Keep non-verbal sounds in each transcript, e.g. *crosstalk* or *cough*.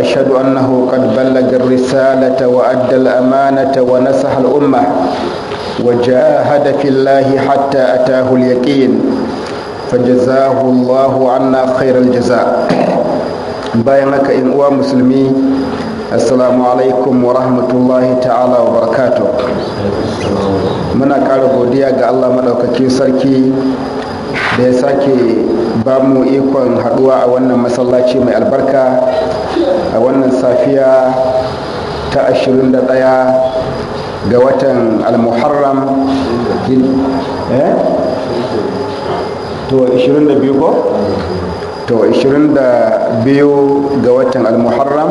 أشهد أنه قد بلغ الرسالة وأدى الأمانة ونصح الأمة وجاهد في الله حتى أتاه اليقين فجزاه الله عنا خير الجزاء بايعك إن أوى مسلمي assalamu alaikum wa rahmatullahi ta'ala wa barakatuh muna ƙara godiya ga allah maɗaukakin sarki da ya sake ba mu ikon haduwa a wannan masallaci mai albarka a wannan safiya ta 21 ga watan al-muharram 22 eh? to 22 ga watan al-muharram,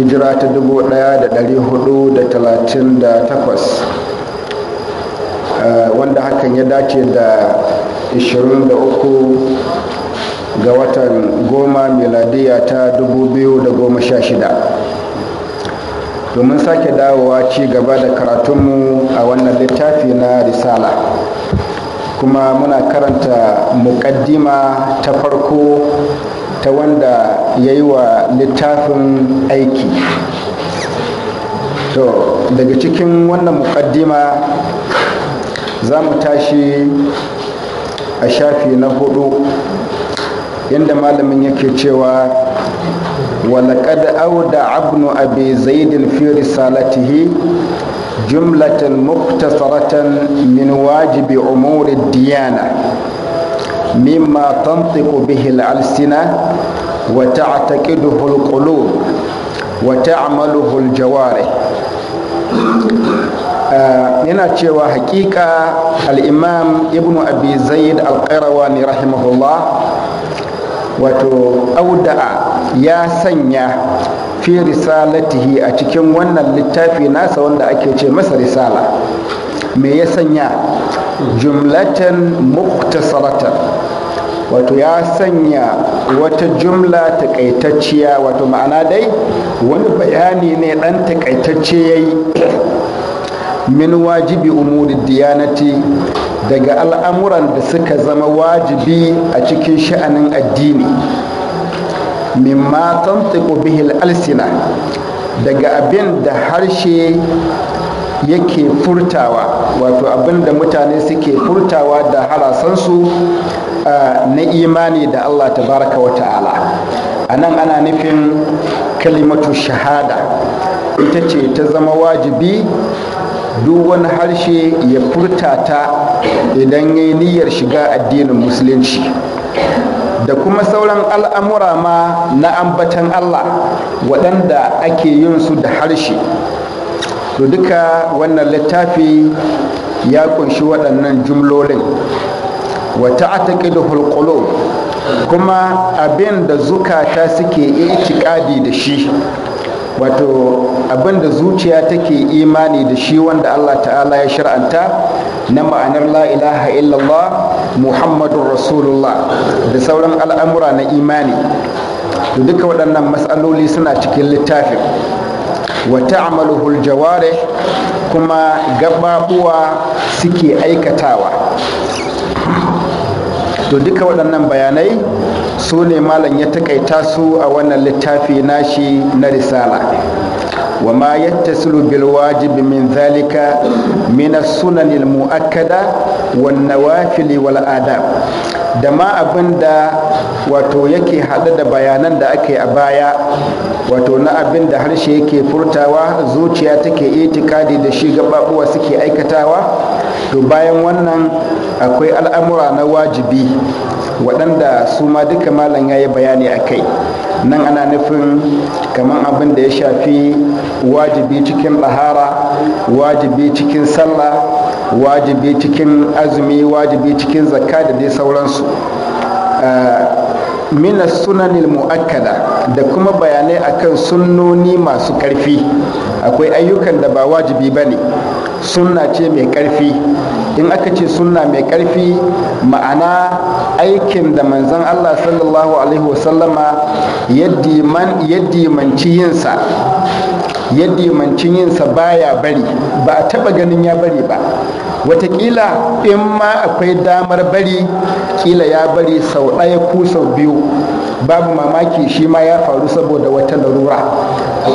hijira ta 1438 Eh, wanda hakan ya dace da 23 ga watan goma miladiya ta 2016 domin sake dawowa ci gaba da karatunmu a wannan littafi na risala kuma muna karanta mukaddima ta farko ta wanda ya yi wa littafin aiki to daga cikin wannan mukaddima za mu tashi a shafi na hudu inda malamin yake cewa ولقد أودع ابن أبي زيد في رسالته جملة مقتصرة من واجب أمور الديانة مما تنطق به الألسنة وتعتقده القلوب وتعمله الجوارح Eh, yana cewa hakika al'imam ibn abi zaid al ne. rahimahullah wato auda'a ya sanya fi risalatihi a cikin wannan littafi nasa wanda ake ce masa risala me ya sanya jumlatan muktasaratan wato ya sanya wata jumla takaitacciya wato ma'ana dai wani bayani ne dan takaitacce yayi min wajibi umuri diyanati daga al'amuran da suka zama wajibi a cikin sha'anin addini mimma tantiqu bihil alsina daga abin da harshe yake furtawa wato abin da mutane suke furtawa da harasansu na imani da allah tabaraka wa ta'ala a nan ana nufin kalimatu shahada ita ce ta zama wajibi duk wani harshe ya furta ta idan ya yi niyyar shiga addinin musulunci da kuma sauran al'amura ma na ambatan Allah waɗanda ake yin su da harshe to duka wannan littafi ya kunshi waɗannan jumlolin wata da hulƙulo kuma abin da zukata suke itikadi da shi wato abinda zuciya take imani da shi wanda Allah ta'ala ya shar'anta na ma'anar la ilaha illallah muhammadun rasulullah da sauran al'amura na imani da duka waɗannan matsaloli suna cikin littafin wata ta'maluhul jawarih kuma gababuwa suke aikatawa to duka waɗannan bayanai su ne malam ya taƙaita su a wannan littafi nashi na risala wa ma yattasilu bil wajibi min zalika min as-sunan al-mu'akkada wan nawafil wal adab da ma abin da wato yake hada da bayanan da ake a baya wato na abin da harshe yake furtawa zuciya take itikadi da shi gaɓaɓuwa suke aikatawa to bayan wannan akwai al'amura na wajibi waɗanda su ma duka malam ya yi bayani a kai nan ana nufin kamar abin da ya shafi wajibi cikin ɗahara wajibi cikin sallah wajibi cikin azumi wajibi cikin zakka da dai sauransu ah, mina sunanil mu'akkada da kuma bayanai akan sunnoni masu ƙarfi akwai ayyukan da ba wajibi ba ne sunna ce mai ƙarfi in aka ce sunna mai ƙarfi ma'ana aikin da manzan allah sallallahu alaihi wasallama yaddimanci yinsa yaddimancin yinsa baya bari ba a taɓa ganin ya bari ba watakila in ma akwai damar bari kila ya bari sau ɗaya ko sau biyu babu mamaki shi ma ya faru saboda wata larura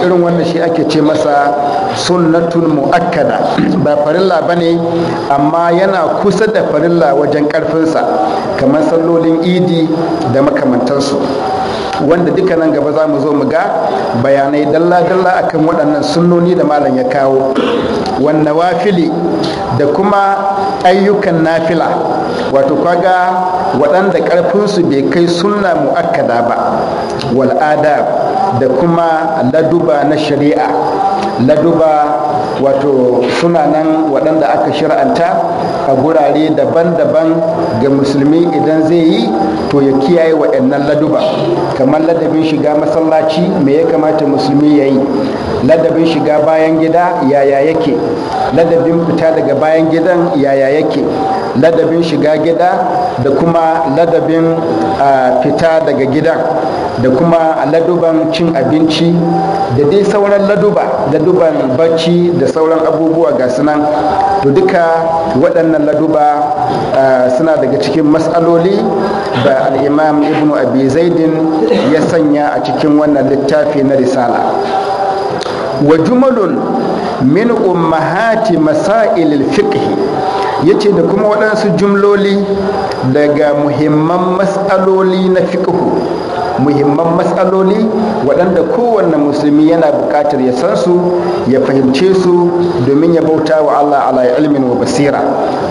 irin wannan shi ake ce masa sunnatul mu'akkada ba farilla ba ne amma yana kusa da farilla wajen ƙarfinsa kamar sallolin idi da makamantansu wanda duka nan gaba za mu zo mu ga bayanai dalla-dalla akan waɗannan sunnoni da malam ya kawo wanne wafili da kuma ayyukan nafila wato kwaga waɗanda ƙarfinsu bai kai sunna mu'akkada ba wal'ada da kuma laduba na shari'a laduba wato suna nan waɗanda aka shir'anta a gurare daban-daban ga musulmi idan zai yi to ya kiyaye waɗannan laduba kamar ladabin shiga masallaci me ya kamata musulmi ya yi ladabin shiga bayan gida yaya yake ladabin fita daga bayan gidan yaya yake ladabin shiga gida da kuma ladabin fita daga gida da kuma laduban cin abinci da dai sauran laduba laduban bacci da sauran abubuwa ga sunan to duka waɗannan laduba suna daga cikin matsaloli da al'imam ibnu abi zaidin ya sanya a cikin wannan littafi na risala wa jumalun min ummahati masailil fiqh ya ce da kuma waɗansu jumloli daga muhimman matsaloli na fiƙihu muhimman matsaloli waɗanda kowanne musulmi yana buƙatar ya san su ya fahimce su domin ya bauta wa Allah ala ilmin wa basira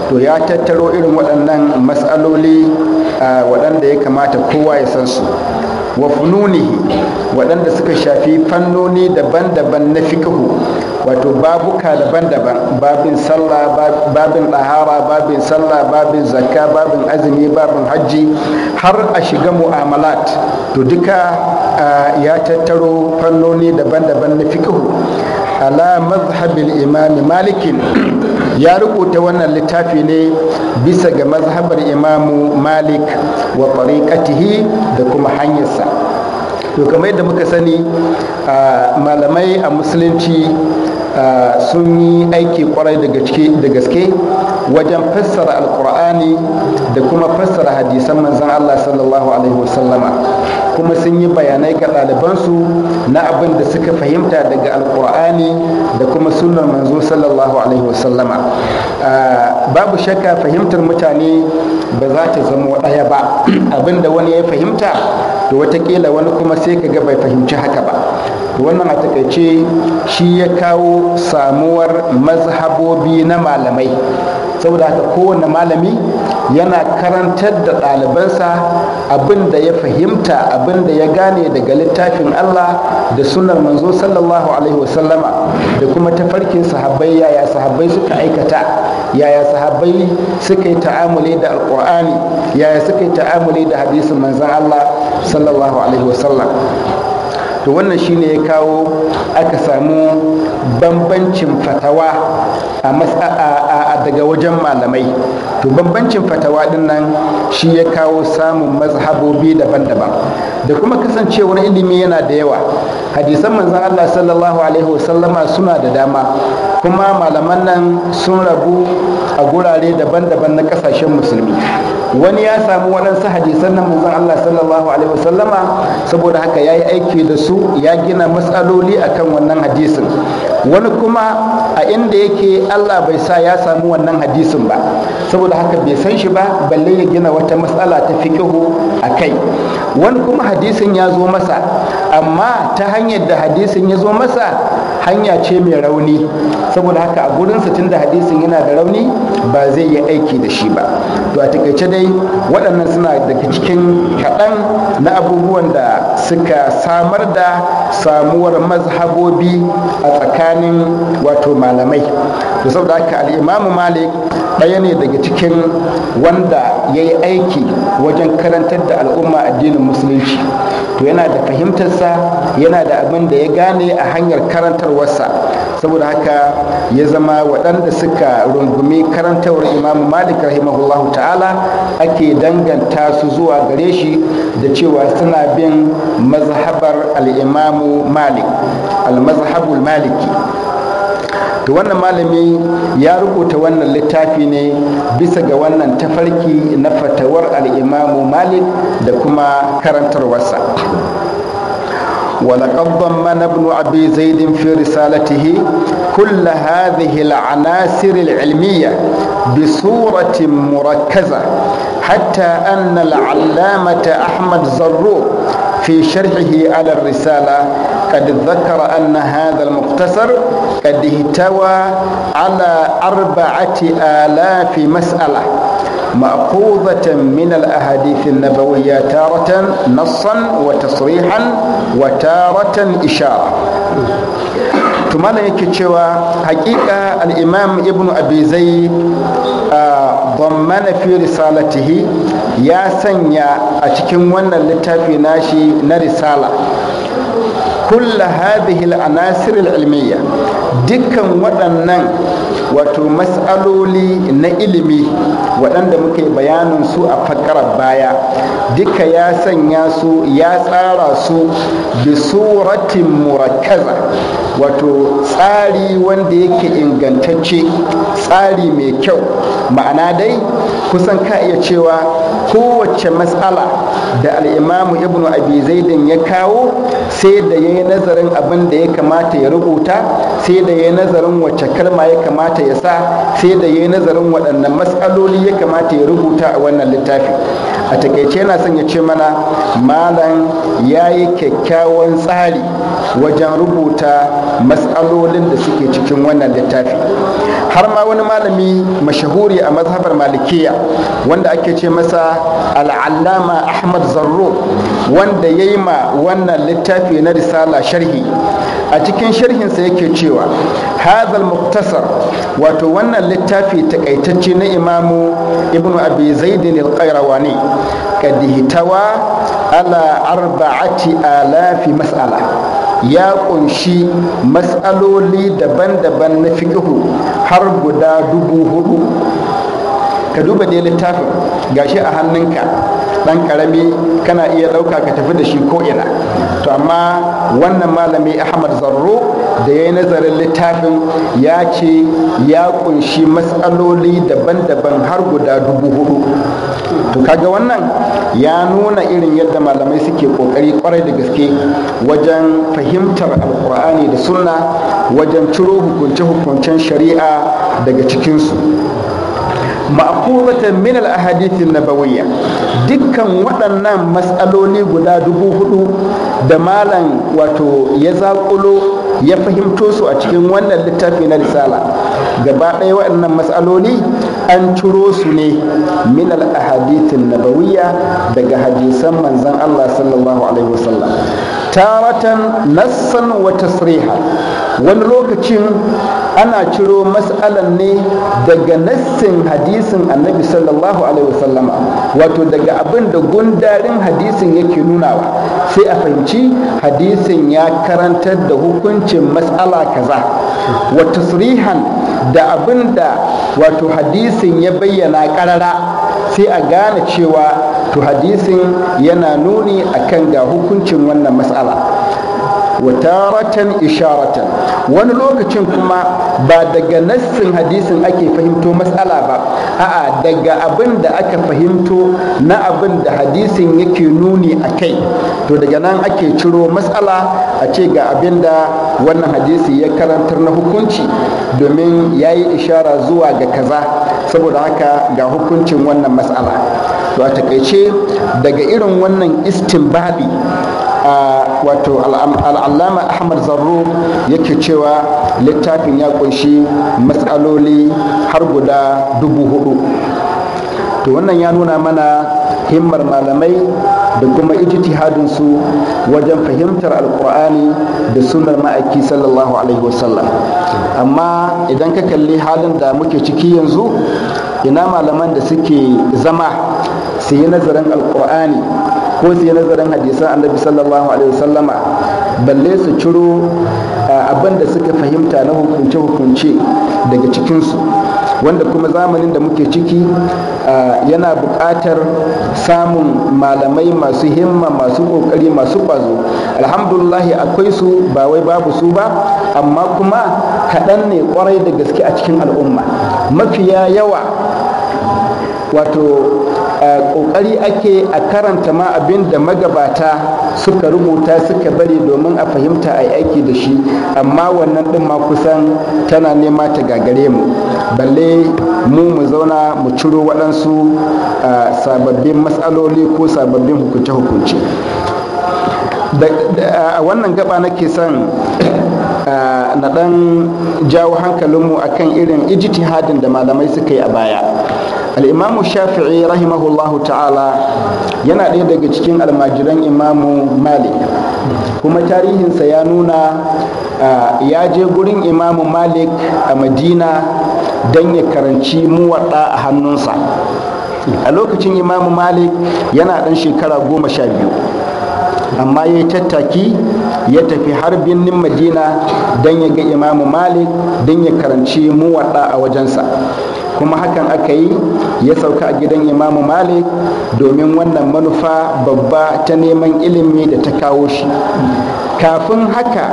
to ya tattaro irin waɗannan matsaloli waɗanda ya kamata kowa ya san su wa fununihi waɗanda suka shafi fannoni daban-daban na fikihu wato babuka daban-daban babin sallah babin ɗahara babin sallah babin zakka babin azumi babin hajji har a shiga mu'amalat to duka ya tattaro fannoni daban-daban na fikihu ala mazhabin imami malikin ya rubuta wannan littafi ne bisa ga mazhabar imamu malik wa tariqatihi da kuma hanyarsa to kamar yadda muka sani malamai a musulunci sun yi aiki kwarai da gaske wajen fassara alkur'ani da kuma fassara hadisan manzan allah sallallahu alaihi wasallama kuma sun yi bayanai ga ɗalibansu na abin da suka fahimta daga alkur'ani da kuma sunan manzo sallallahu alaihi wasallama babu shakka fahimtar mutane ba za ta zama ɗaya ba abin da wani ya fahimta to watakila wani kuma sai ka ga bai fahimci haka ba wannan a takaice shi ya kawo samuwar mazhabobi na malamai saboda haka kowane malami yana karantar da ɗalibansa abin da ya fahimta abin da ya gane daga littafin Allah da sunar manzo sallallahu alaihi wasallama da kuma tafarkin sahabbai yaya sahabbai suka aikata yaya sahabbai suka yi ta'amuli da alkur'ani yaya suka yi ta'amuli da hadisin manzon Allah sallallahu alaihi wasallam to wannan shine ya kawo aka samu bambancin fatawa a daga wajen malamai to bambancin fatawa din shi ya kawo samun mazhabobi daban-daban da kuma kasancewar ilimi yana da yawa hadisan manzan Allah sallallahu alaihi wasallama suna da dama kuma malaman nan sun rabu a gurare daban-daban na kasashen musulmi wani ya samu waɗansu hadisan nan manzon Allah sallallahu alaihi wasallama saboda haka ya yi aiki da su ya gina matsaloli a kan wannan hadisin wani kuma a inda yake Allah bai sa ya samu wannan hadisin ba saboda haka bai san shi ba balle ya gina wata matsala ta fiqihu a kai wani kuma hadisin ya zo masa amma ta hanyar da hadisin ya zo masa hanya ce mai rauni saboda haka a gurinsa tun da hadisin yana da rauni ba zai yi aiki da shi ba to a takaice dai waɗannan suna daga cikin kaɗan na abubuwan da suka samar da samuwar mazhabobi a tsakanin wato malamai to saboda haka al'imamu malik ɗaya ne daga cikin wanda ya yi aiki wajen karantar da al'umma addinin musulunci to yana da fahimtarsa yana da abin da ya gane a hanyar karantarwarsa saboda haka ya zama waɗanda suka rungumi karantawar imamu malik rahimahullahu ta'ala ake danganta su zuwa gare shi da cewa suna bin mazhabar al'imamu malik al-mazhabul maliki to wannan malami ya rubuta wannan littafi ne bisa ga wannan tafarki na fatawar al'imamu malik da kuma karantarwarsa ولقد ضمن ابن أبي زيد في رسالته كل هذه العناصر العلمية بصورة مركزة حتى أن العلامة أحمد زرور في شرحه على الرسالة قد ذكر أن هذا المختصر قد احتوى على أربعة آلاف مسألة مأخوذة من الأحاديث النبوية تارة نصا وتصريحا وتارة إشارة ثم yake cewa haƙiƙa al'imam ibn abi zai ضمن في رسالته ya sanya a cikin wannan littafi nashi na risala kulla hadhihi al-anasir al-ilmiyya dukkan waɗannan wato matsaloli na ilimi waɗanda muka yi bayanin su a fakarar baya duka ya sanya su ya tsara su bi suratin murakaza." wato tsari wanda yake ingantacce tsari mai kyau ma'ana dai kusan ka iya cewa kowace matsala da al'imamu ibnu abi zaidin ya kawo sai da ya yi nazarin abin da ya kamata ya rubuta sai da ya yi nazarin wacce kalma ya kamata ya sa sai da ya yi nazarin waɗannan matsaloli ya kamata ya rubuta a wannan littafi a takaice yana son ya ce mana malam ya yi kyakkyawan tsari wajen rubuta matsalolin da suke cikin wannan littafi har ma wani malami mashahuri a mazhabar malikiya wanda ake ce masa al'allama ahmad zarro wanda ya yi ma wannan littafi na risala sharhi a cikin sharhinsa yake cewa hazal muktasar wato wannan littafi takaitacce na imamu ibnu abi zaidin al-qayrawani kad hitawa ala arba'ati alafi mas'ala ya kunshi matsaloli daban-daban na fiƙihu har guda dubu hudu ka duba dai littafin gashi a hannunka ɗan ƙarami kana iya ɗauka ka tafi da shi ko'ina to amma wannan malami ahmad zarro da ya yi nazarin littafin ya ce ya kunshi matsaloli daban-daban har guda dubu hudu to kaga wannan ya nuna irin yadda malamai suke kokari kwarai da gaske wajen fahimtar alkur'ani da sunna wajen ciro hukunce-hukuncen shari'a daga cikinsu ma'akubatan min al-ahadithin nabawiyya dukkan waɗannan matsaloli guda dubu hudu da malam wato ya zaƙulo ya fahimto su a cikin wannan littafi na risala gaba ɗaya waɗannan matsaloli an ciro su ne min al-ahadithin nabawiyya daga hadisan manzon Allah sallallahu alaihi wasallam taratan nassan wa tasriha wani lokacin ana ciro matsalan ne daga nassin hadisin annabi sallallahu alaihi wasallama wato daga abin da gundarin hadisin yake nunawa sai a fahimci hadisin ya karantar da hukuncin matsala kaza wa tasrihan da abin da wato hadisin ya bayyana karara sai a gane cewa to hadisin yana nuni akan ga hukuncin wannan matsala wa taratan isharatan wani lokacin kuma ba daga nassin hadisin ake fahimto matsala ba a'a daga abin da aka fahimto na abin da hadisin yake nuni a kai to daga nan ake ciro matsala a ce ga abin da wannan hadisi ya karantar na hukunci domin ya yi ishara zuwa ga kaza saboda haka ga hukuncin wannan matsala to a takaice daga irin wannan istinbabi wato al'allama ahmad zarro yake cewa littafin ya kunshi matsaloli har guda dubu hudu to wannan ya nuna mana himmar malamai da kuma su wajen fahimtar alkur'ani da sunar ma'aiki sallallahu alaihi wasallam amma idan ka kalli halin da muke ciki yanzu ina malaman da suke zama su yi nazarin alkur'ani ko su yi nazarin hadisan annabi sallallahu alaihi wasallama balle su ciro abin da suka fahimta na hukunce-hukunce daga cikinsu wanda kuma zamanin da muke ciki yana buƙatar samun malamai masu himma masu ƙoƙari masu ƙwazo alhamdulillah akwai su ba wai babu su ba amma kuma kaɗan ne ƙwarai da gaske a cikin al'umma mafiya yawa wato kokari ake a karanta ma abin da magabata suka rubuta suka bari domin a fahimta a aiki da shi amma wannan din ma kusan tana nema ta gagare mu balle mu mu zauna mu ciro waɗansu sababbin matsaloli ko sababbin hukunce-hukunce a wannan gaba nake son na ɗan jawo hankalinmu akan irin ijtihadin da malamai suka yi a baya al'imamu shafi'i rahimahullahu ta'ala yana ɗaya daga cikin almajiran imamu malik kuma tarihinsa ya nuna ya je gurin imamu malik a madina don ya karanci muwaɗa a hannunsa a lokacin imamu malik yana ɗan shekara goma sha biyu amma ya yi tattaki ya tafi har birnin madina don ya ga imamu malik don ya karanci muwaɗa a wajensa kuma hakan aka yi ya sauka a gidan imamu malik domin wannan manufa babba ta neman ilimi da ta kawo shi kafin haka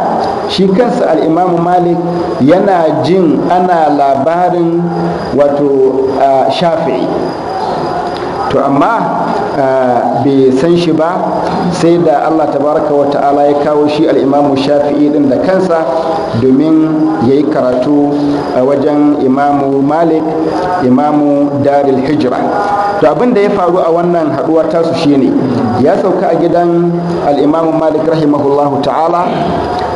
shi kansa al'imamu malik yana jin ana labarin wato shafi'i to amma eh, bai san shi ba sai da allah tabaraka wa ta'ala ya kawo shi al'imamu shafi'i din da kansa domin ya yi karatu a wajen imamu malik imamu daril hijira to abin da ya faru a wannan haduwar tasu shine ya sauka a gidan al'imamu malik rahimahullahu ta'ala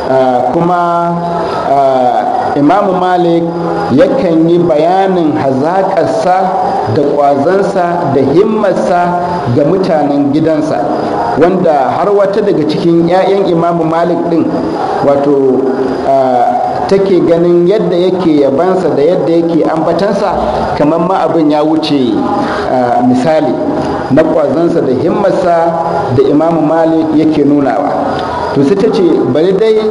eh, kuma eh, imamu malik yakan yi bayanin hazaƙarsa da ƙwazansa da himmarsa ga mutanen gidansa wanda har wata daga cikin 'ya'yan imamu malik ɗin wato take ganin yadda yake yabansa da yadda yake ambatansa kamar ma abin ya wuce misali na ƙwazansa da himmarsa da imamu malik yake nunawa to sai ta ce bari dai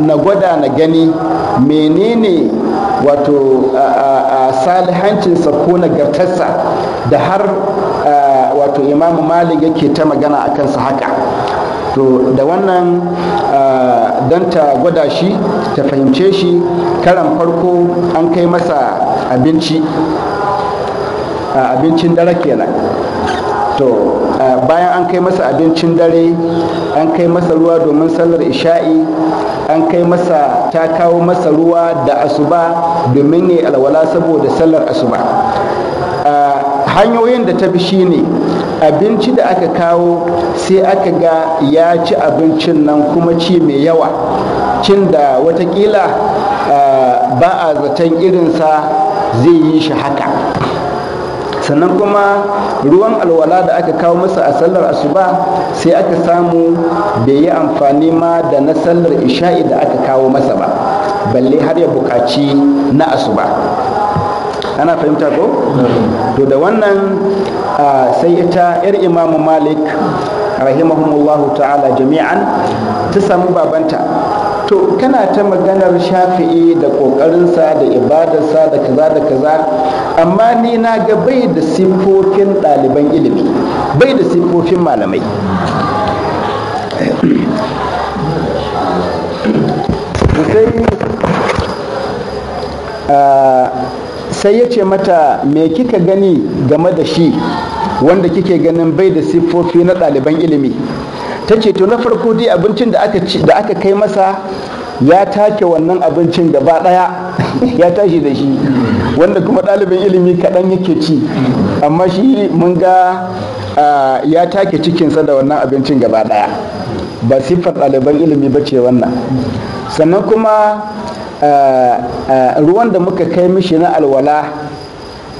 na gwada na gani menene wato a salihancinsa ko nagartarsa da har wato imamu malik yake ta magana a kansa haka to da wannan don ta gwada shi ta fahimce shi karan farko an kai masa abinci abincin dare kenan to bayan an kai masa abincin dare an kai masa ruwa domin sallar isha'i an kai masa ta kawo masa ruwa da asuba domin ya alwala saboda sallar asuba hanyoyin da ta shi ne, abinci da aka kawo sai aka ga ya ci abincin nan kuma ci mai yawa cin da watakila ba a zaton irinsa zai yi shi haka sannan kuma ruwan alwala da aka kawo masa a sallar asuba sai aka samu bai yi amfani ma da na sallar isha'i da aka kawo masa ba balle har ya buƙaci na asuba ana fahimta ko to da wannan sai ita 'yar imamu malik rahimahumullahu ta'ala jami'an ta samu babanta to kana ta maganar shafi'i da ƙoƙarinsa da ibadarsa da kaza da kaza amma ni na ga bai da siffofin ɗaliban ilimi bai da siffofin malamai sai ya ce mata me kika gani game da shi wanda kike ganin bai da siffofi na ɗaliban ilimi ta ce to na farko dai abincin da aka kai masa ya take wannan abincin gaba daya *laughs* ya tashi da shi wanda kuma ɗalibin ilimi kaɗan yake ci amma shi mun ga ya take cikinsa da wannan abincin gaba daya ba siffar ɗaliban ilimi ba ce wannan sannan kuma ruwan da muka kai mishi na alwala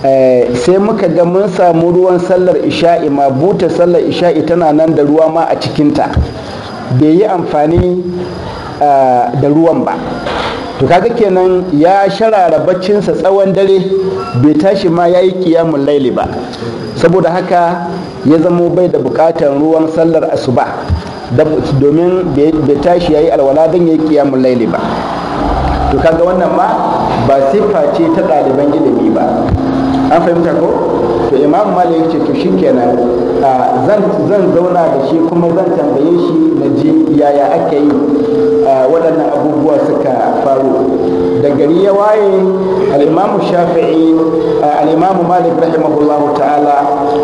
Eh, sai muka ga mun samu ruwan sallar isha'i ma buta sallar isha'i tana nan da ruwa ma a cikinta bai yi amfani da ruwan ba to kaga kenan ya sharara baccinsa tsawon dare bai tashi ma ya yi kiyamun laili ba saboda haka ya zamo bai da bukatar ruwan sallar asuba domin bai tashi ya yi alwala don ya yi kiyamun laili ba to kaga wannan ma ba sifa ce ta ɗaliban ilimi ba an fahimta ko to Imam malik ce to shikenan zan zan zauna da shi kuma zan tambaye shi na ji yaya ake yi waɗannan abubuwa suka faru da gari ya waye al'imamu shafi'i al'imamu malik rahimahullahu ta'ala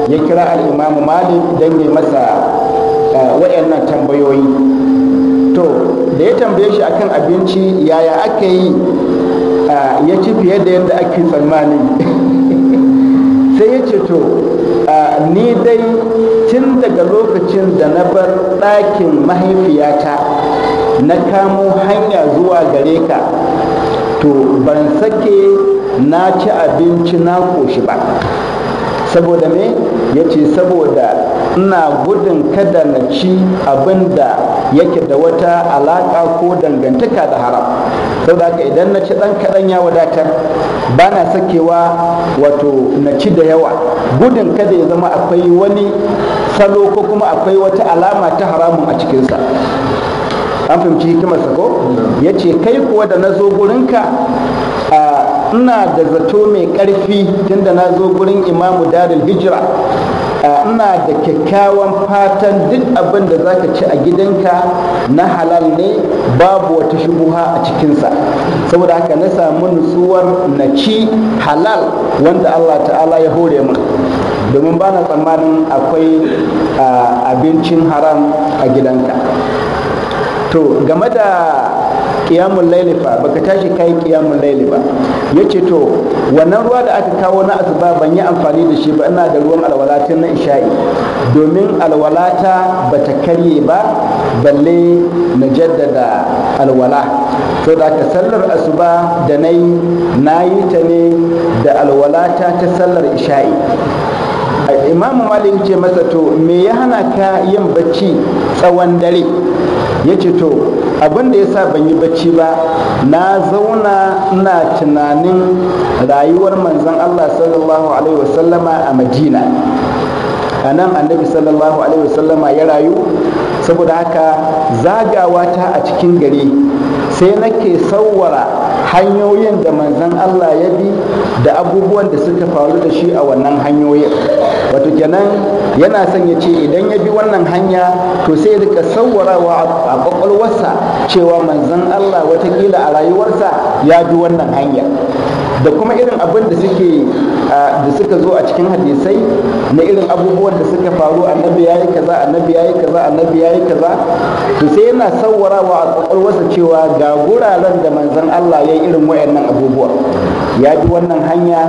ya kira al'imamu malik don yi masa waɗannan tambayoyi to da ya tambaye shi akan abinci yaya ake yi ya ci fiye da yadda ake tsammani *laughs* sai ya ce to ni dai tun daga lokacin da na bar ɗakin mahaifiyata na kamo hanya zuwa gare ka to ban sake na ci abinci na koshi ba saboda me ya ce saboda ina gudun kada na ci abin da yake da wata alaƙa ko dangantaka da haram saboda haka idan na ci ɗan kaɗan ya wadatar ba na sakewa wato na ci da yawa gudun kada ya zama akwai wani salo ko kuma akwai wata alama ta haramun a cikinsa an fahimci hikimar ko ya ce kai kuwa da na zo gurinka ina da zato mai ƙarfi tunda na zo gurin imamu darul hijira ina da kyakkyawan fatan duk abin da za ka ci a gidanka na halal ne babu wata shubuha a cikinsa saboda haka na samu nutsuwar na ci halal wanda allah ta'ala ya hore min domin ba na tsammanin akwai ah, abincin haram a gidanka to game da kiyamun laili fa baka tashi kai kiyamun laili ba yace to wannan ruwa da aka kawo na asuba ban yi amfani da shi ba ina da ruwan alwalatin na isha'i domin alwalata bata karye ba balle na jaddada alwala to da ka sallar asuba da na yi na yi ta ne da alwalata ta sallar isha'i imam malik ce masa to me ya hana ka yin bacci tsawon dare ya ce to abin da ya sa ban yi bacci ba na zauna na tunanin rayuwar manzon allah sallallahu alaihi wasallama a madina a nan annabi sallallahu alaihi wasallama ya rayu saboda haka zagawa ta a cikin gari sai nake sauwara hanyoyin da manzan Allah ya bi da abubuwan da suka faru da shi a wannan hanyoyin wato kenan yana son ya ce idan ya bi wannan hanya to sai rika sauwarawa a kwakwalwarsa cewa manzan Allah watakila a rayuwarsa ya bi wannan hanya da kuma irin abin da suke da suka zo a cikin hadisai na irin abubuwan da suka faru annabi yayi kaza annabi yayi kaza annabi yayi kaza to sai yana sawwarawa a kwakwalwarsa cewa ga guraren da manzon Allah ya yi irin wayannan abubuwa ya bi wannan hanya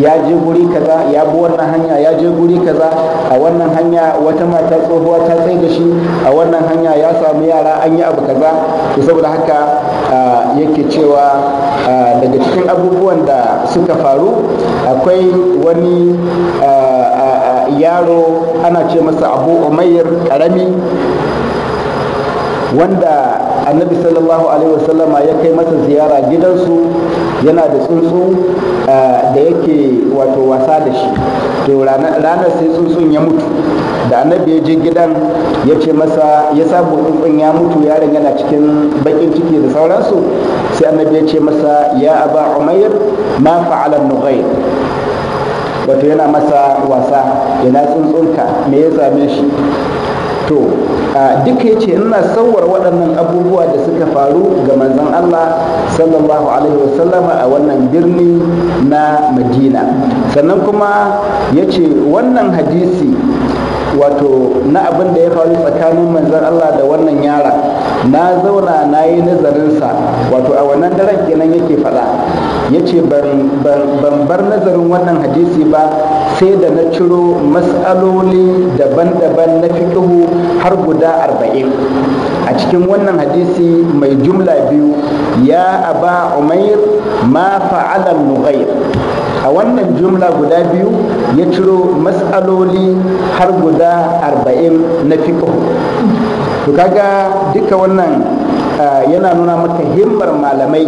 ya je guri kaza ya bi wannan hanya ya je guri kaza a wannan hanya wata mata tsohuwa ta tsaye da shi a wannan hanya ya samu yara an yi abu kaza to saboda haka yake cewa daga cikin abubuwa suka faru akwai wani yaro ana ce masa abu umayyar karami wanda annabi sallallahu alaihi wasallama ya kai masa ziyara gidansu yana da tsuntsu da yake wato wasa da shi to ranar sai tsuntsun ya mutu da annabi ya je gidan ya ce masa ya sabu tsuntsun ya mutu yaron yana cikin bakin ciki da sauransu sai annabi ya ce masa ya aba umair ma fa'ala nughair wato yana masa wasa yana tsuntsunka me ya same shi to duka ya ce ina sauwar waɗannan abubuwa da suka faru ga manzon Allah sallallahu alaihi wasallama a wannan birni na madina sannan kuma ya ce wannan hadisi wato na abin ya faru tsakanin manzon Allah da wannan yara na zaura na yi nazarinsa wato a wannan daren kenan yake faɗa ya ce ban bar nazarin wannan hadisi ba sai da na ciro matsaloli daban-daban na fiƙihu har guda arba'in a cikin wannan hadisi mai jumla biyu ya a ba umair ma fa'alan nughair a wannan jumla guda biyu ya ciro matsaloli har guda arba'in na fiƙo to kaga duka wannan yana nuna maka himmar malamai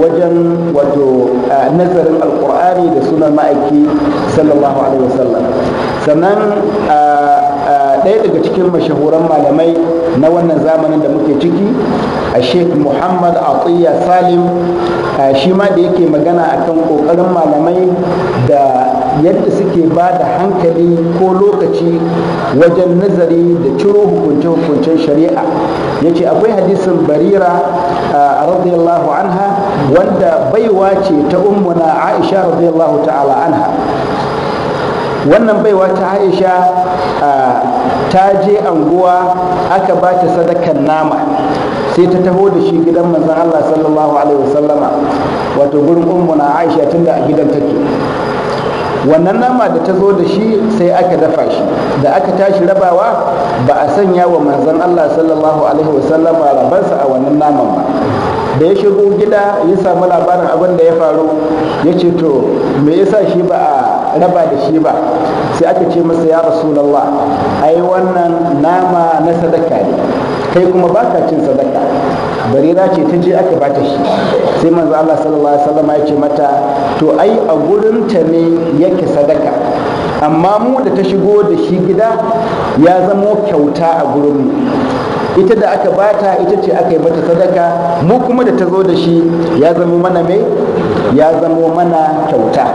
wajen wato nazarin alkur'ani da sunan ma'aiki sallallahu alaihi wasallam sannan ɗaya daga cikin mashahuran malamai na wannan zamanin da muke ciki a sheikh muhammad atiyya salim shi ma da yake magana akan ƙoƙarin malamai da yadda suke ba da hankali ko lokaci wajen nazari da ciro hukunce-hukuncen shari'a ya ce akwai hadisin barira a radiyallahu anha wanda baiwa ce ta ummuna aisha radiyallahu ta'ala anha wannan baiwa ta aisha ta je anguwa aka ba ta sadakan nama sai ta taho da shi gidan manzan Allah sallallahu alaihi wasallama wato gurin ummuna aisha tunda a gidan take wannan nama da ta zo da shi sai aka dafa shi da aka tashi rabawa ba a sanya wa manzon Allah sallallahu alaihi wasallam rabansa a wannan naman ba da ya shigo gida ya samu labarin abin da ya faru ya ce to me yasa shi ba a raba da shi ba sai aka ce masa ya rasulallah ai wannan nama na sadaka ne kai kuma baka cin sadaka barira ce ta je aka bata shi sai manzo Allah sallallahu alaihi wasallam ya ce mata to ai a gurin ta ne yake sadaka amma mu da ta shigo da shi gida ya zamo kyauta a gurin mu ita da aka bata ita ce aka yi mata sadaka mu kuma da ta zo da shi ya zamo mana mai ya zamo mana kyauta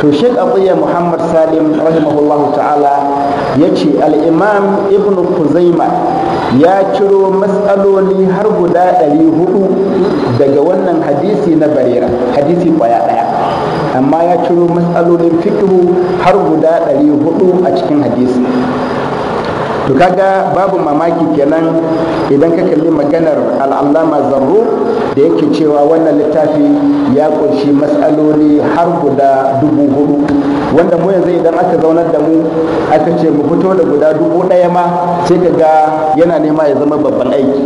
to shek abuya muhammad salim rahimahullahu ta'ala ya ce al'imam ibnu kuzaima ya ciro matsaloli har guda ɗari hudu daga wannan hadisi na barira hadisi kwaya ɗaya amma ya ciro matsalolin fikihu har guda ɗari huɗu a cikin hadisi to kaga babu mamaki kenan idan ka kalli maganar al'allama zarru da yake cewa wannan littafi ya kunshi matsaloli har guda dubu hudu wanda mu yanzu idan aka zaunar da mu aka ce mu fito da guda dubu ɗaya ma sai ka ga yana nema ya zama babban aiki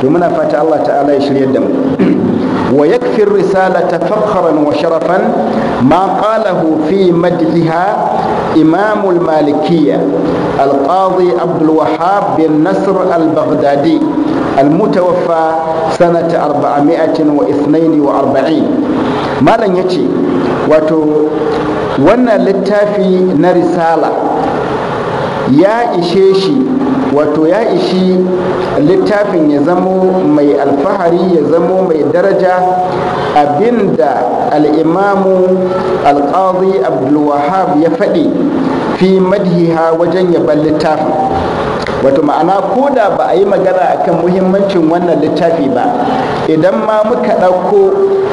to muna fata allah ta'ala ya shirya da mu ويكفي الرسالة فخرا وشرفا ما قاله في مدحها إمام المالكية القاضي عبد الوهاب بن نصر البغدادي المتوفى سنة 442 مالا يتي واتو وانا للتافي نرسالة يا إشيشي wato ya ishi littafin ya zamo mai alfahari ya zamo mai daraja abinda al'imamu alƙazi abdulwahab ya faɗi fi madhiha wajen yaban littafin wato ma'ana ko da ba a yi magana akan muhimmancin wannan littafi ba idan ma muka ɗauko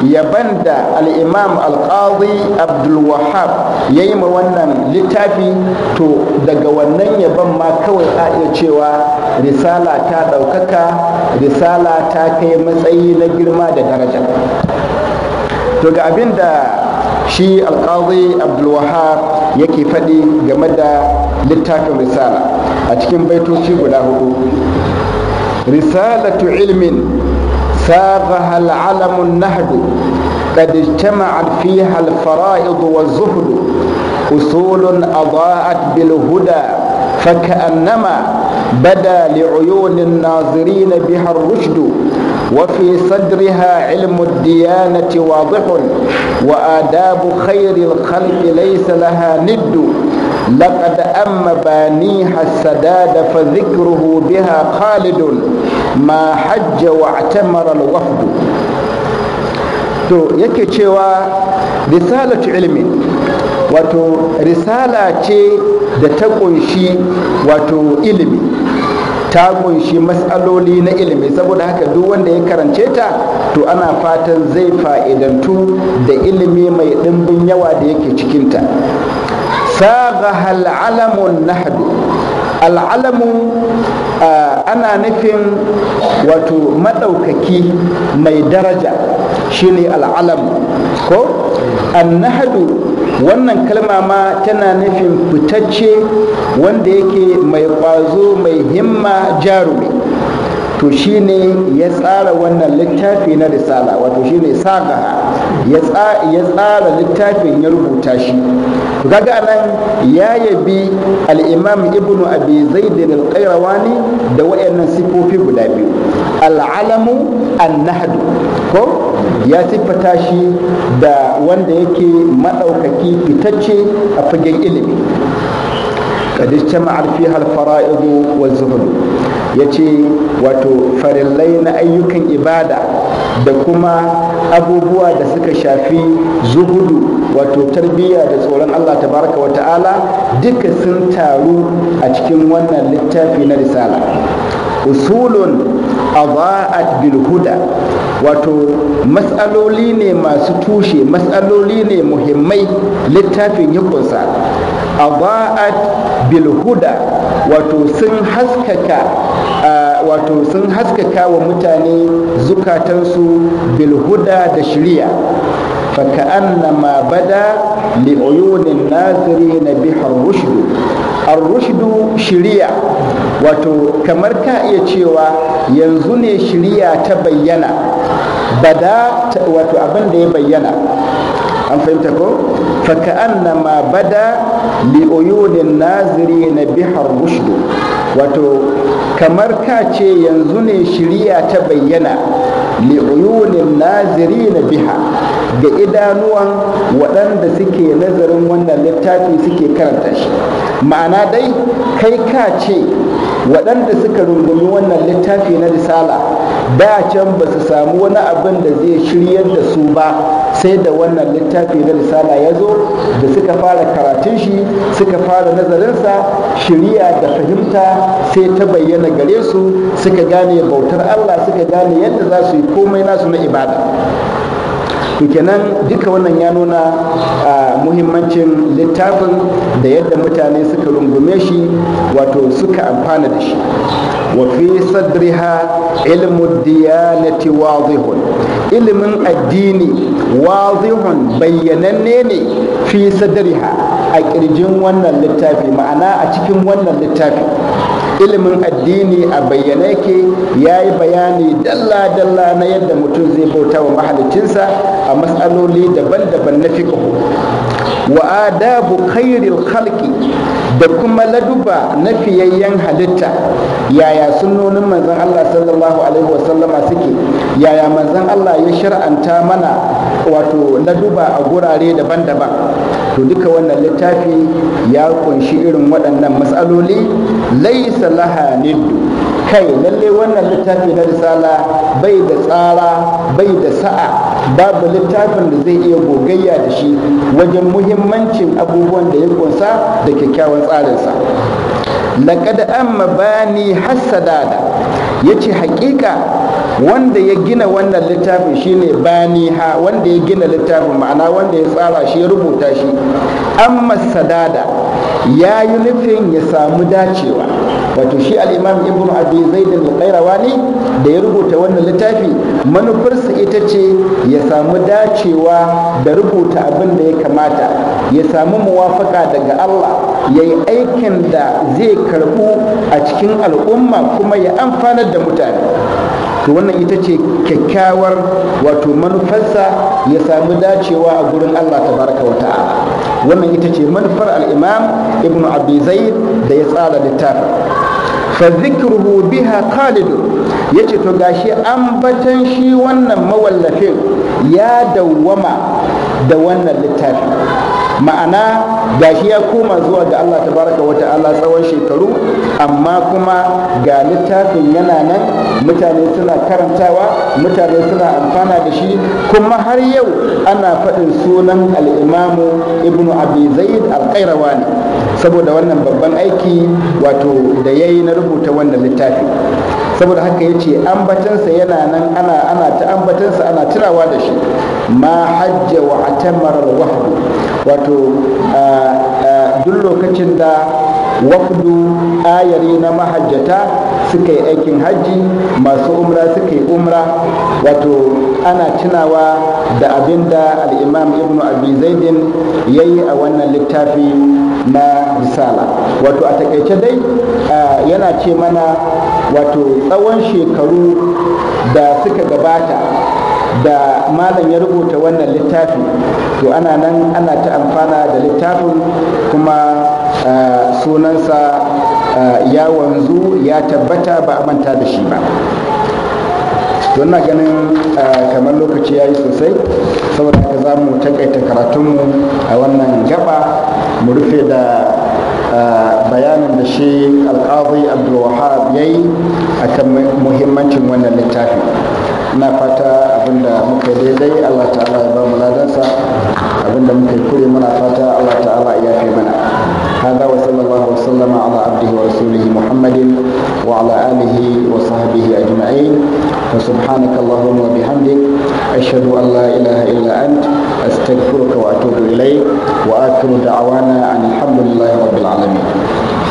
yaban da al'imam alƙazi abdulwahab ya yi ma wannan littafi to daga wannan yaban ma kawai a iya cewa risala ta ɗaukaka risala ta kai matsayi na girma da daraja to ga abin da shi alƙazi abdulwahab yake faɗi game da littafin risala a cikin baitoci guda hudu risalatu ilmin sa ga hal'alamun na hadu ƙadishe ma'afi halfara iguwa zuhudu usulun a ba bilhuda faka'an nama bada li'uyonin naziri bihar rushdu وفي صدرها علم الديانة واضح وآداب خير الخلق ليس لها ند لقد أم بانيها السداد فذكره بها خالد ما حج واعتمر الوفد to yake cewa risalatu ilmin wato risala ce da ta kunshi wato ilimi ta kunshi matsaloli na ilimi saboda haka duk wanda ya karance ta to ana fatan zai fa'idantu da ilimi mai ɗimbin yawa da yake cikinta sagha al'alamun nahdu al'alamu ana nufin wato maɗaukaki mai daraja shine al'alamu ko annahadu wannan kalma ma tana nufin fitacce wanda yake mai ƙwazo mai himma jarumi to shine ya tsara wannan littafi na risala wato shine sagaha ya tsara littafin ya rubuta shi to ya yabi al-imam ibnu abi zaid al-qayrawani da wayannan sifofi guda biyu Al'alamu annahadu ko ya siffata shi da wanda yake maɗaukaki fitacce a fagen ilimi قد اجتمعت فيها الفرائض wato يتي وتفرلين ayyukan ibada. da kuma abubuwa da suka shafi zuhudu wato tarbiyya da tsoron Allah tabaraka wa ta'ala duka sun taru a cikin wannan littafi na risala usulun a bil huda wato matsaloli ne masu tushe matsaloli ne muhimmai littafin ya kunsa adaat bil huda wato sun haskaka ah, wato sun haskaka wa mutane zukatansu bilhuda da shirya فكأنما naziri na bihar Rushdu. An Rushdu shirya wato kamar ka iya cewa yanzu ne shirya ta bayyana bada wato abin da ya bayyana an fahimta ko Faka na ma bada li'oyunin naziri na bihar rushdu wato kamar ka ce yanzu ne shirya ta bayyana li'uyunin naziri na biha ga idanuwan waɗanda suke nazarin wannan littafi suke karanta shi ma'ana dai kai ka ce waɗanda suka rungumi wannan littafi na risala da can ba su samu wani abin da zai shiryar da su ba sai da wannan littafi da risala ya zo da suka fara karatun shi suka fara nazarinsa shiriya da fahimta sai ta bayyana gare su suka gane bautar allah suka gane yadda za su yi komai nasu na ibada kenan duka wannan ya nuna a muhimmancin littafin da yadda mutane suka rungume shi wato suka amfana da shi wa fi sadriha ilmu diyanati ilimin addini wazihun bayyananne ne fi sadriha a kirjin wannan littafi ma'ana a cikin wannan littafi ilimin addini a bayyana yake ya yi bayani dalla-dalla na yadda mutum zai bauta wa mahalicinsa a matsaloli daban-daban na fiƙo wa adabu khairil khalqi da kuma laduba na fiyayyen halitta yaya sunnonin manzon Allah sallallahu alaihi sallama suke yaya manzon Allah ya shar'anta mana wato laduba a gurare daban-daban to duka wannan littafi ya kunshi irin waɗannan matsaloli laisa laha niddu kai lalle wannan littafi na risala bai da tsara bai da sa'a babu littafin da zai iya gogayya da shi wajen muhimmancin abubuwan da ya kunsa da kyakkyawan tsarinsa laqad amma bani hasadada ya ce hakika wanda ya gina wannan littafin shine ha wanda ya gina littafin ma'ana wanda ya tsara shi ya rubuta shi amma sadada ya yi nufin ya samu dacewa wato shi alimam Ibn ibnu abi zaid al ne da ya rubuta wannan littafi manufarsa ita ce ya samu dacewa da rubuta abin da ya kamata ya samu muwafaka daga Allah ya yi aikin da zai karbu a cikin al'umma kuma ya amfanar da mutane to wannan ita ce kyakkyawar wato manufarsa ya samu dacewa a gurin Allah tabaraka wa ta'ala wannan ita ce manufar alimam imam ibnu abi zaid da ya tsara littafin fa zikruhu biha khalidu yace to gashi batan shi wannan mawallafin ya dawwama da wannan littafin ma'ana gashi ya koma zuwa ga Allah Ta baraka wa ta'ala tsawon shekaru amma kuma ga littafin yana nan mutane suna karantawa mutane suna amfana da shi kuma har yau ana faɗin sunan al'imamu ibnu abi zaid al saboda wannan babban aiki wato da ya yi na rubuta wannan littafi saboda haka ya ce ambatansa yana nan ana ta ambatansa ana tunawa da shi ma hajja wa atamara wahdu wato duk lokacin da wafdu ayari na mahajjata suka yi aikin hajji masu umra suka yi umra wato ana tunawa da abin da al'imam ibn abi zaidin ya yi a wannan littafi na risala wato a takaice dai yana ce mana wato tsawon shekaru da suka gabata da malam ya rubuta wannan littafi to ana nan ana ta amfana da littafin kuma eh, sunansa eh, ya wanzu ya tabbata ba a manta da shi ba na ganin eh, kamar lokaci ya yi sosai saboda ka za mu takaita karatunmu a wannan gaba mu rufe da bayanin da shi alkazi abdulwahab ya yi a kan muhimmancin wannan littafin. na fata abinda muka daidai Allah ta'ala ya ba mu ladansa abinda muka kure muna fata Allah ta'ala ya kai mana هذا وصلى الله وسلم على عبده ورسوله محمد وعلى آله وصحبه أجمعين وسبحانك اللهم وبحمدك أشهد أن لا إله إلا أنت أستغفرك وأتوب إليك وآخر دعوانا أن الحمد لله رب العالمين